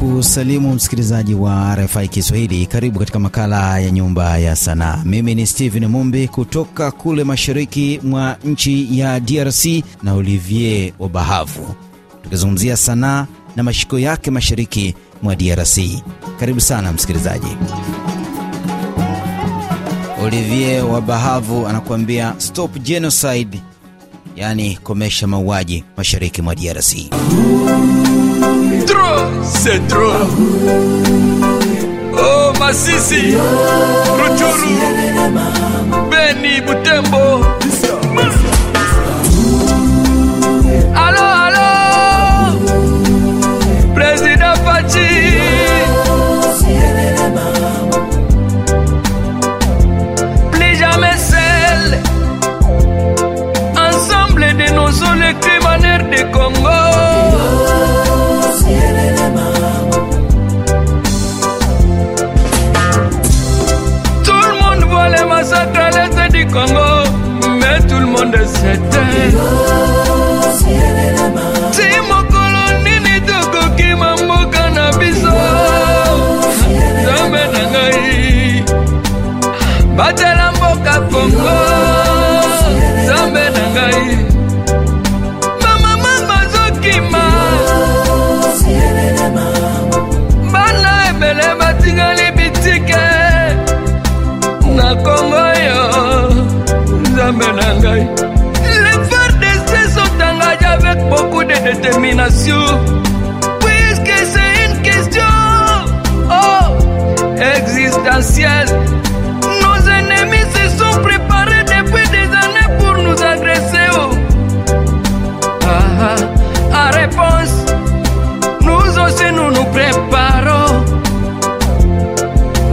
kusalimu msikilizaji wa RFI Kiswahili. Karibu katika makala ya Nyumba ya Sanaa. Mimi ni Steven Mumbi kutoka kule mashariki mwa nchi ya DRC na Olivier Obahavu, tukizungumzia sanaa na mashiko yake mashariki mwa DRC. Karibu sana msikilizaji. Olivier Obahavu anakuambia stop genocide yaani komesha mauaji mashariki mwa DRC. Masisi, Ruchuru, Beni, Butembo massacre les du Congo, mais tout le monde s'éteint. Si mokolo nini tokokima mboka na biso nzambe na ngai batela mboka kongo passion. Puisque c'est une question oh, existentielle. Nos ennemis se sont préparés depuis des années pour nous agresser. Oh. Ah, ah, à réponse, nous aussi nous nous préparons.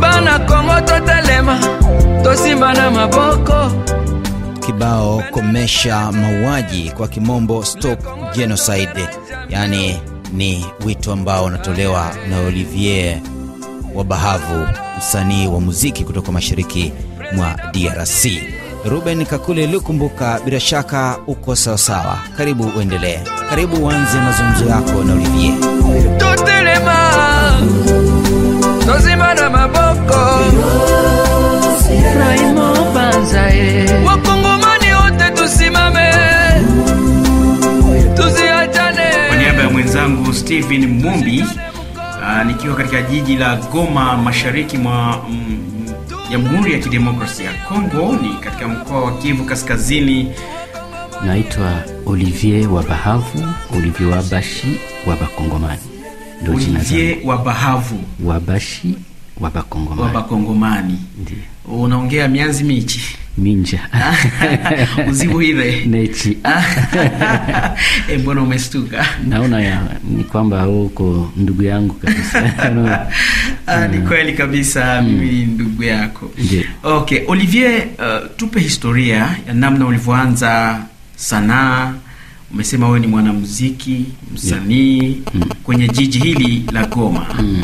Bana Kongo totelema, tosimbana maboko kibao komesha mauaji kwa kimombo stop genocide Yaani ni wito ambao unatolewa na Olivier Wabahavu, msanii wa muziki kutoka mashariki mwa DRC. Ruben Kakule Lukumbuka, bila shaka uko sawasawa. Karibu uendelee, karibu uanze mazungumzo yako na Olivier. Totelema tozima na maboko Raimo Banzae, wakongomani wote tusimame tuzi Mwalimu Stephen Mumbi uh, nikiwa katika jiji la Goma mashariki mwa mm, Jamhuri mm, ya, ya Kidemokrasia ya Kongo ni katika mkoa wa Kivu Kaskazini. Naitwa Olivier wa Bahavu, Olivier Wabashi wa Bakongomani, Olivier wa Bahavu, Bashi wabakongomani unaongea mianzi michi minja uzibuire nechi e, mbona umestuka? Naona ya ni kwamba huko ndugu yangu kabisa ah, ni mm. kweli kabisa mm. mimi mm. ndugu yako Nde. Okay, Olivier, uh, tupe historia ya namna ulivyoanza sanaa. Umesema wewe ni mwanamuziki msanii mm. kwenye jiji hili la Goma mm.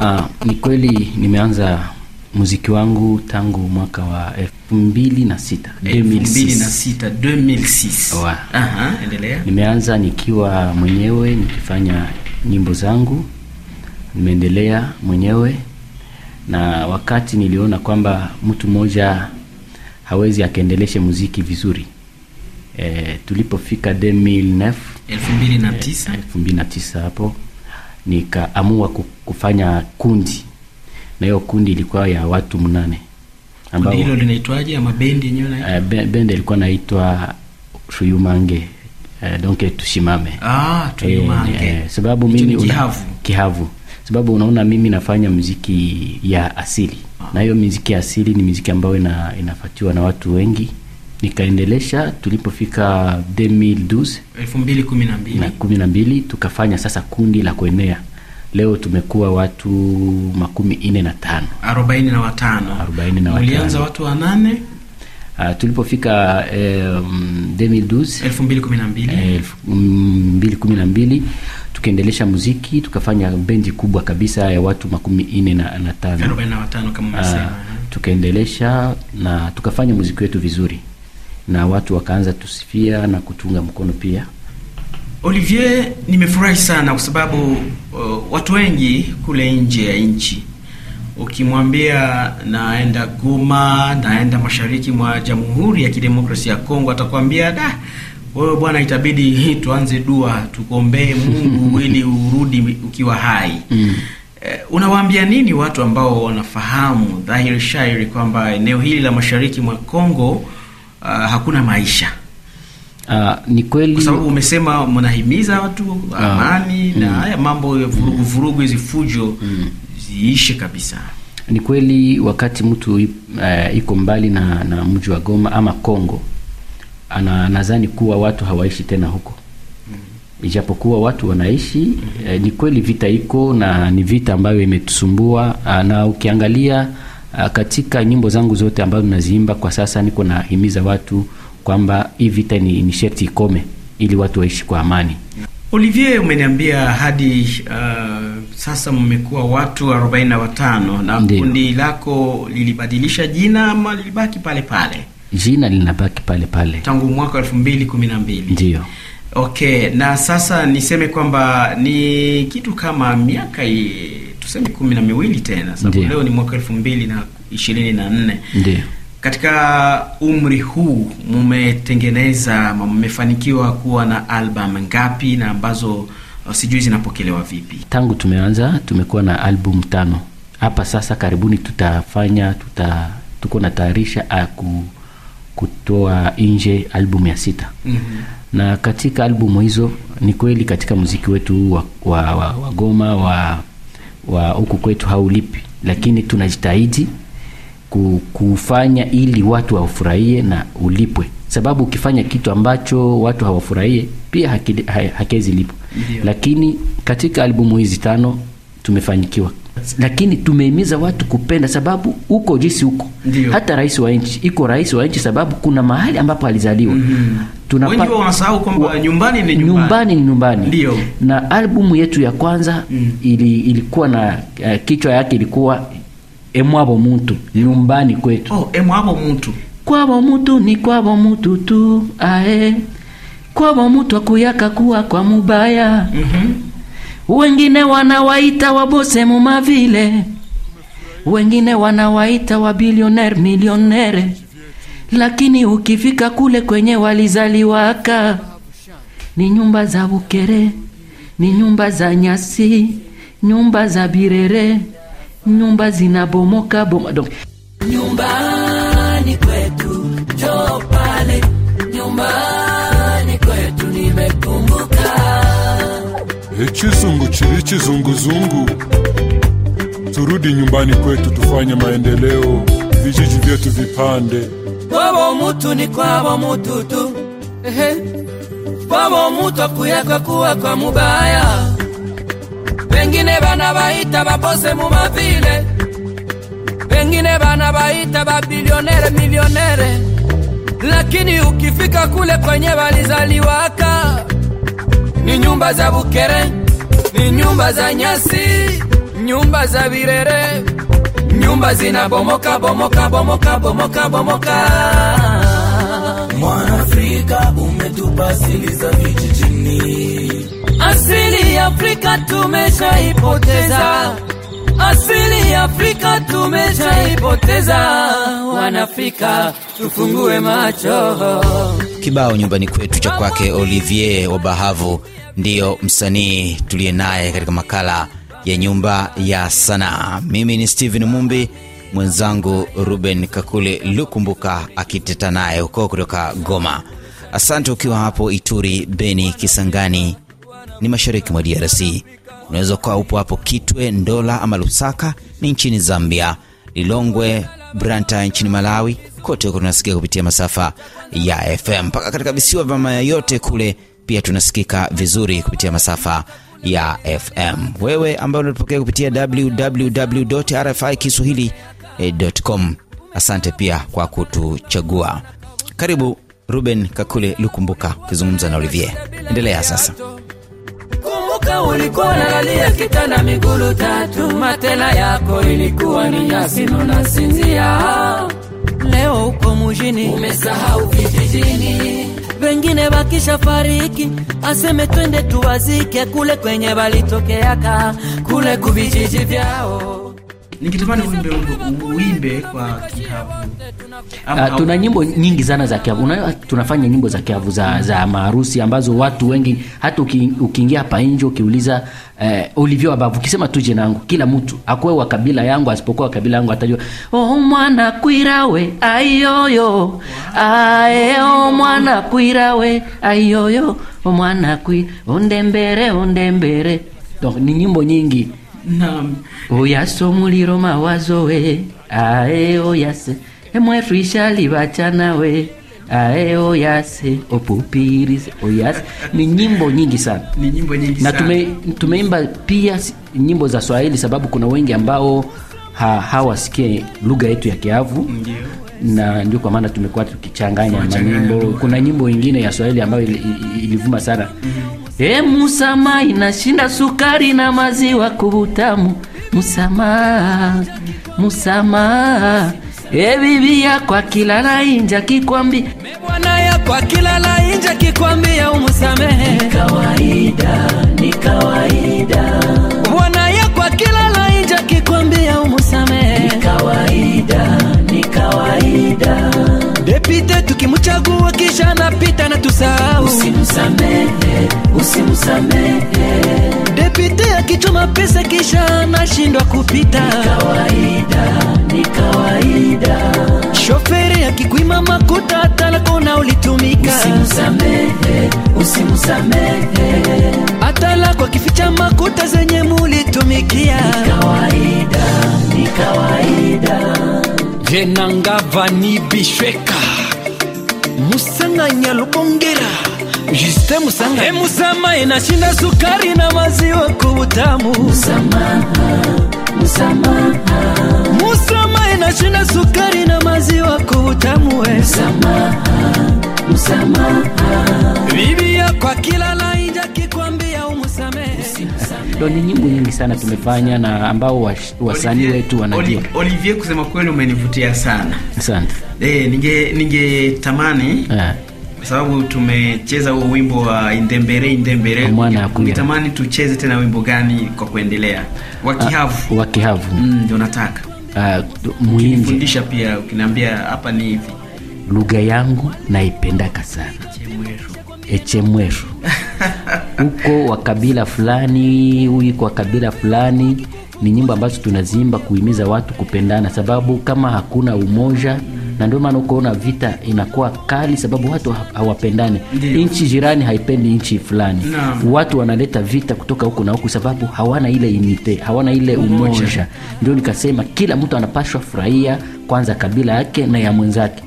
Ah, ni kweli nimeanza muziki wangu tangu mwaka wa elfu mbili na sita 2006 2006. endelea. Nimeanza nikiwa mwenyewe nikifanya nyimbo zangu, nimeendelea mwenyewe, na wakati niliona kwamba mtu mmoja hawezi akaendeleshe muziki vizuri e, tulipofika 2009 2009 eh, hapo nikaamua kufanya kundi, na hiyo kundi ilikuwa ya watu mnane ambao hilo linaitwaje ama bendi yenyewe na uh, bendi ilikuwa naitwa Shuyumange uh, eh, donke tushimame. Ah, Shuyumange eh, eh, sababu mimi una, kihavu. kihavu sababu unaona mimi nafanya muziki ya asili ah. na hiyo muziki ya asili ni muziki ambayo ina, inafatiwa na watu wengi nikaendelesha tulipofika 2012 na tukafanya sasa kundi la kuenea. Leo tumekuwa watu makumi ine na tano, arobaini na watano. Arobaini na watano. Ulianza watu wanane. Uh, ah, tulipofika eh, 2012 2012 tukaendelesha muziki tukafanya bendi kubwa kabisa ya watu makumi ine na, na tano, Uh, tukaendelesha na tukafanya muziki wetu vizuri na watu wakaanza tusifia na kutunga mkono pia. Olivier, nimefurahi sana kwa sababu uh, watu wengi kule nje ya nchi ukimwambia naenda Goma, naenda mashariki mwa Jamhuri ya Kidemokrasia ya Kongo, atakwambia da, wewe bwana, itabidi tuanze dua tukombee Mungu ili urudi ukiwa hai mm. Uh, unawaambia nini watu ambao wanafahamu dhahiri shairi kwamba eneo hili la mashariki mwa Kongo uh, hakuna maisha. Uh, ni kweli kwa sababu umesema mnahimiza watu ah, amani mm, na haya mambo ya vurugu mm. vurugu hizi fujo mm, ziishe kabisa. Ni kweli wakati mtu uh, iko mbali na, na mji wa Goma ama Kongo ana nadhani kuwa watu hawaishi tena huko mm, ijapokuwa watu wanaishi mm. Uh, ni kweli vita iko na ni vita ambayo imetusumbua uh, na ukiangalia Ah, katika nyimbo zangu zote ambazo naziimba kwa sasa, niko nahimiza watu kwamba hii vita ni, ni sherti ikome ili watu waishi kwa amani. Olivier, umeniambia hadi uh, sasa mmekuwa watu 45 na kundi lako lilibadilisha jina ama lilibaki pale pale? Jina linabaki pale pale tangu mwaka 2012. Ndio. Okay, na sasa niseme kwamba ni kitu kama miaka tuseme kumi na miwili tena sababu leo ni mwaka elfu mbili na ishirini na nne Ndiyo. Katika umri huu mumetengeneza, mmefanikiwa kuwa na album ngapi na ambazo uh, sijui zinapokelewa vipi? Tangu tumeanza tumekuwa na album tano hapa sasa, karibuni tutafanya tuta, tuko na tayarisha aku uh, kutoa nje album ya sita. mm -hmm. Na katika albumu hizo ni kweli, katika muziki wetu wa, wa, wa, wa Goma wa wa huku kwetu haulipi, lakini tunajitahidi kufanya ili watu wafurahie na ulipwe, sababu ukifanya kitu ambacho watu hawafurahie pia hakiwezi lipo. Lakini katika albumu hizi tano tumefanikiwa lakini tumehimiza watu kupenda, sababu uko jinsi uko. Hata rais wa nchi iko rais wa nchi, sababu kuna mahali ambapo alizaliwa. mm -hmm tunapata wengi wanasahau kwamba nyumbani ni nyumbani, ni nyumbani. Ndio. Na albumu yetu ya kwanza mm. ili, ilikuwa na uh, kichwa yake ilikuwa emwabo mtu nyumbani kwetu. Oh, emwabo mtu kwabo mtu ni kwabo mtu tu ae kwabo mtu akuyaka kuwa kwa mubaya mm -hmm. wengine wanawaita wabose mumavile wengine wanawaita wabilioner milionere lakini ukifika kule kwenye walizaliwaka ni nyumba za Bukere, ni nyumba za nyasi, nyumba za Birere, nyumba zinabomoka bomoka. Donc nyumbani kwetu jo pale, nyumbani kwetu nimekumbuka ikizungu chiri kizunguzungu, turudi nyumbani kwetu, tufanye maendeleo, vijiji vyetu vipande omuntu ni kwaba mutu tu ehe kwaba akuyaka kuwa kwa mubaya bengine bana baita babose mumavile bengine bana baita babilionere milionere lakini ukifika kule kwenye walizaliwaka ni nyumba za bukere ni nyumba za nyasi nyumba za virere nyumba zinabomoka bomoka bomoka bomoka bomoka, bomoka. Afrika umetupa asili za vijijini. Asili ya Afrika tumeshaipoteza, asili ya Afrika tumeshaipoteza. Wanafrika tufungue macho. Kibao nyumbani kwetu cha kwake Olivier Obahavu ndiyo msanii tuliye naye katika makala ya Nyumba ya Sanaa. Mimi ni Steven Mumbi, mwenzangu Ruben Kakule Lukumbuka akiteta naye huko kutoka Goma. Asante ukiwa hapo Ituri, Beni, Kisangani ni mashariki mwa DRC. Unaweza kuwa upo hapo Kitwe, Ndola ama Lusaka ni nchini Zambia, Lilongwe, Branta nchini Malawi. Kote huko tunasikia kupitia masafa ya FM, mpaka katika visiwa vya Maya yote kule pia tunasikika vizuri kupitia masafa ya FM. Wewe ambayo unatupokea kupitia kiswahilicom asante pia kwa kutuchagua. Karibu Ruben Kakule Lukumbuka ukizungumza na Olivier. Endelea sasa. Kumbuka ulikuwa kitanda tatu, matela yako ilikuwa ni nyasi, unasinzia. Leo uko mujini, umesahau vijijini wengine fariki, aseme twende tuwazike kule kwenye valitokeaka kule kuvijiji vyao uimbe uimbe kwa Uh, tuna ah, nyimbo nyingi sana za Kihavu. Una, tunafanya nyimbo za kiavu za, za maharusi ambazo watu wengi hata ukiingia hapa nje ukiuliza eh, ulivyo Abavu ukisema tu jina langu kila mtu akuwe wa kabila yangu asipokuwa wa kabila yangu atajua oh, mwana kwirawe ayoyo ae oh, mwana kwirawe ayoyo oh, mwana kwi ondembere ondembere. Donc ni nyimbo nyingi Naam. Uyasomuliro mawazo we, ae oyase. Emwetu ishalibachana we. Ae oyase opupirize oyase ni nyimbo nyingi sana, ni nyimbo nyingi na tume, tumeimba pia nyimbo za Swahili sababu kuna wengi ambao ha, hawasikie lugha yetu ya Kiavu. Ndiyo. Na ndio kwa maana tumekuwa tukichanganya manyimbo. Kuna nyimbo ingine ya Swahili ambayo ilivuma sana mm -hmm. E musama inashinda sukari na maziwa kuutamu. Musama, musama e bibia kwa kila inja kikwambi, mebwana ya kwa kila inja kikwambi ya umusamehe nisamehe. Depite akichoma pesa kisha anashindwa kupita, ni kawaida, ni kawaida. Shoferi akikwima makuta hata lako na ulitumika, usimsamehe, usimsamehe. Hata akificha makuta zenye mulitumikia, ni kawaida, ni kawaida. ni bishweka musanganya lubongera Justin Musanga. Hey, Musama inashinda sukari na maziwa kwa utamu. Musama, Musama. Musama inashinda sukari na maziwa kwa utamu we. Musama, Musama. ya kwa kila laini akikwambia umusamehe. Ndio ni nyimbo nyingi sana tumefanya na ambao wasanii wetu wanajua. Olivier, kusema kweli umenivutia sana. Asante. Eh, ninge tamani yeah sababu tumecheza huo wimbo wa Indembere Indembere, ungetamani tucheze tena wimbo gani kwa kuendelea? Wakihavu, ah, wakihavu mm, ndio nataka mfundisha ah, pia, ukiniambia hapa ni hivi, lugha yangu naipendaka sana Echemweru huko wa kabila fulani, huyu kwa kabila fulani. Ni nyimbo ambazo tunazimba kuhimiza watu kupendana, sababu kama hakuna umoja na ndio maana ukoona vita inakuwa kali, sababu watu hawapendani. Nchi jirani haipendi nchi fulani no. Watu wanaleta vita kutoka huku na huku, sababu hawana ile unite, hawana ile umoja. Ndio nikasema kila mtu anapashwa furahia kwanza kabila yake na ya mwenzake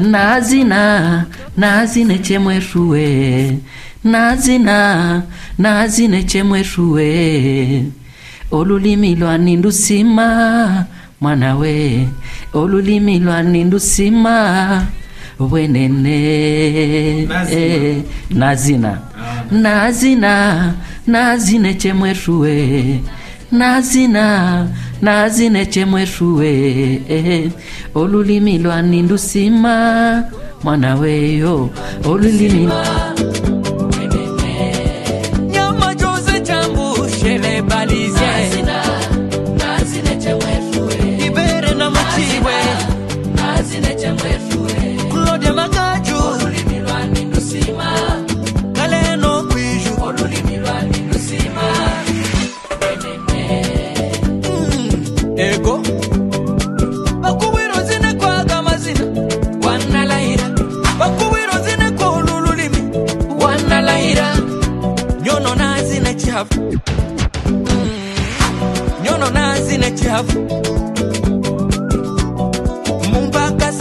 nazina nazine chemweruwe nazina nazine chemweruwe olulimi lwani nindusima mwana we olulimi lwani ndusima wenene nazina eh, nazina nazine chemweruwe nazina nazine chemweruwe eh, olulimi lwani ndusima mwana weyo olulimi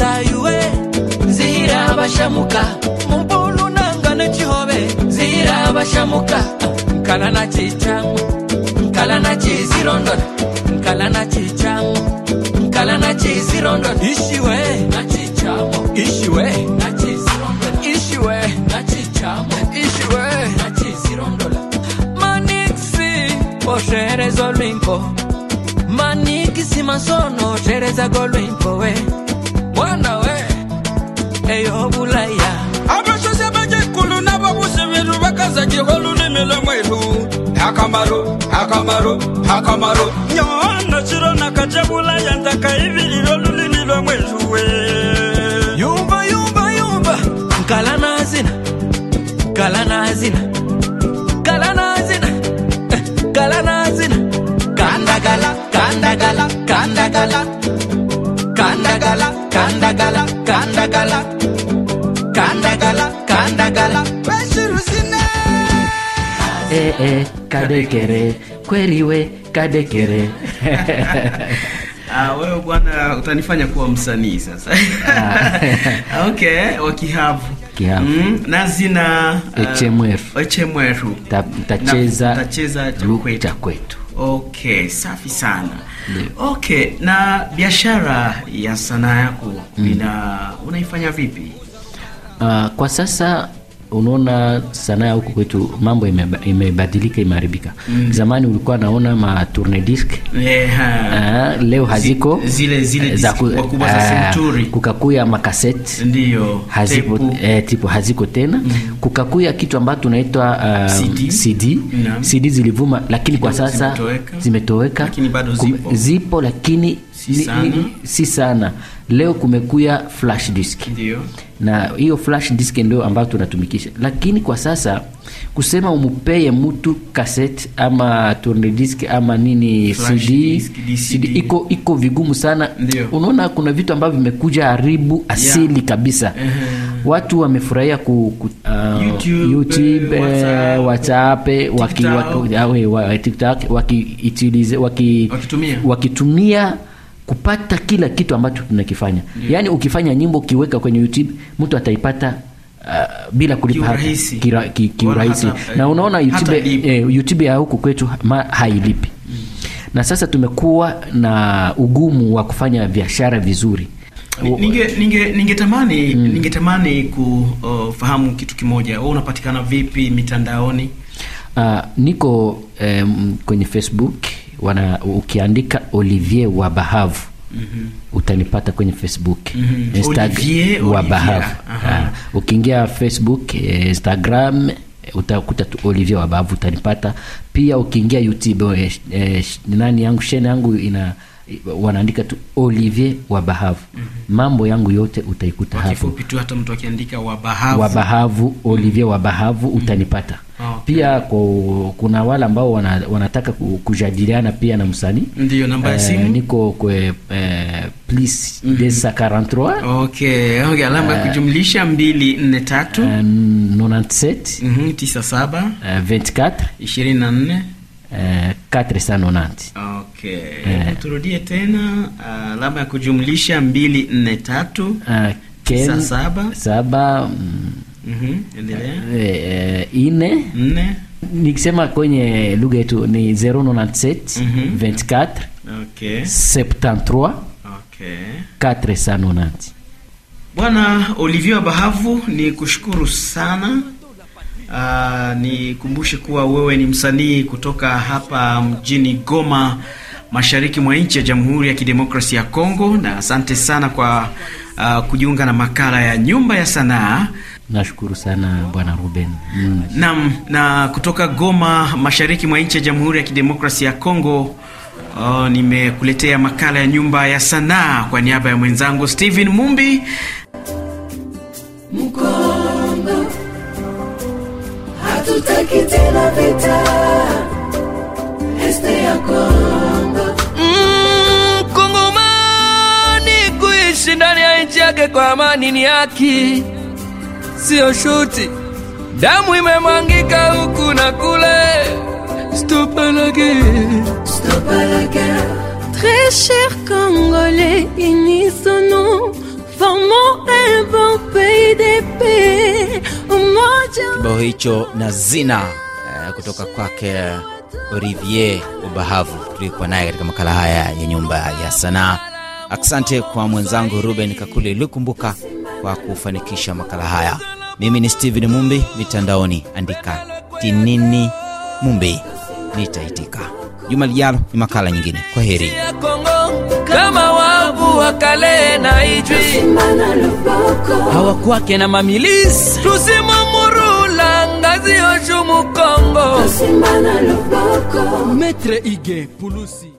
tayiwe zihira abashamuka mumbulu nangana kihobe zihira abashamuka nkala nakicamu nkala nakizirondora nkala nakicamu nkala nakizirondora ishiwe nakicamu ishiwe nakizirondora ishiwe nakicamu ishiwe nakizirondora maniksi oshereza olwimpo maniksi masono oshereza golwimpo we nyona chiro nakatebulaya ndakaiviriro lulimi lwamwezuwe yumba yumba yumba kala nazina kala nazina kala nazina eh, kala nazina kandagala kandagala kandagala kandagala kandagala kandagala weshirusine ee eh, kadekere kweliwe kadekere Ah, wewe bwana utanifanya kuwa msanii sasa. Ah. okay, wakihavu Mm, na zina uh, HMR. Tacheza ta, ta, Okay, safi sana. Leo. Okay, na biashara ya sanaa yako mm. ina unaifanya vipi? Uh, kwa sasa unaona sanaa huko kwetu mambo imebadilika, ime imeharibika. mm. Zamani ulikuwa naona ma tourne disc yeah. Ah, leo haziko zile zile eh, za kubwa za ah, Century, kukakuya makaseti ndio haziko Eh, tipo haziko tena mm. Kukakuya kitu ambacho tunaitwa um, CD CD. No. CD zilivuma, lakini Kido kwa sasa zimetoweka, zime lakini bado zipo. Zipo lakini si sana, ni, ni, si sana. Leo kumekuya flash disk. Ndiyo. Na hiyo flash disk ndio ambayo tunatumikisha, lakini kwa sasa kusema umupeye mtu cassette ama tourne disk ama nini flash CD, disk, CD iko iko vigumu sana. Unaona kuna vitu ambavyo vimekuja haribu asili yeah, kabisa uh-huh. Watu wamefurahia ku, ku, uh, YouTube, YouTube uh, eh, WhatsApp, eh, WhatsApp TikTok, waki, eh, waki, waki, waki, waki, waki, wakitumia kupata kila kitu ambacho tunakifanya yeah. Yaani ukifanya nyimbo ukiweka kwenye YouTube mtu ataipata Uh, bila kulipa kiurahisi na unaona YouTube, eh, YouTube ya huku kwetu ma, hailipi mm. Na sasa tumekuwa na ugumu wa kufanya biashara vizuri. Ningetamani ninge, ninge ningetamani mm. kufahamu uh, kitu kimoja, wewe unapatikana vipi mitandaoni? Uh, niko um, kwenye Facebook mm wana, ukiandika Olivier wa Bahavu mm -hmm. utanipata kwenye Facebook mm -hmm. Instagram uh, Ukiingia Facebook, eh, Instagram utakuta tu Olivier wa Bahavu utanipata pia. Ukiingia YouTube eh, eh, nani yangu shene yangu ina wanaandika tu Olivier wa Bahavu mm -hmm. mambo yangu yote utaikuta hapo. Kifupi tu hata mtu akiandika wa Bahavu wa Bahavu Olivier mm-hmm. wa Bahavu utanipata. mm-hmm. Okay. Pia kuna wale ambao wana, wanataka kujadiliana pia na msanii ndio namba ya eh, simu niko kwa eh, mm -hmm. 243 okay okay alama uh, kujumlisha 243 97 mm uh, 24 490 okay uh, turudie tena alama uh, ya kujumlisha 243 uh, 7 Mhm, eh, eh, ine. Nikisema kwenye lugha yetu ni 097 mhm. Bwana Olivier Bahavu, ni kushukuru sana. Uh, ah, nikumbushe kuwa wewe ni msanii kutoka hapa mjini Goma mashariki mwa nchi ya Jamhuri ya kidemokrasi ya congo na asante sana kwa uh, kujiunga na makala ya Nyumba ya Sanaa. Nashukuru sana bwana Ruben mm. na kutoka Goma, mashariki mwa nchi ya Jamhuri ya Kidemokrasia ya Kongo. Oh, nimekuletea makala ya nyumba ya sanaa kwa niaba ya mwenzangu Steven Mumbi. Mkongo, hatutaki tena vita. Este ya Kongo. Mkongomani mm, kuishi ndani ya nchi yake kwa amani ni haki sio shuti, damu imemwangika huku na kule. Stop à stop à Très cher Congolais, unisons-nous, formons un bon pays de paix. Kibao hicho na zina uh, kutoka kwake Olivier Ubahavu tulikuwa naye katika makala haya ya nyumba ya sanaa. Asante kwa mwenzangu Ruben Kakule Lukumbuka kwa kufanikisha makala haya. Mimi ni stehen Mumbi, mitandaoni andika Tinini Mumbi, nitaitika. Juma lijalo ni makala nyingine. Kwa heri. Kama wavu wa na ijwi hawakwake na mamilis tusimamurula ngazi oju metre ige pulusi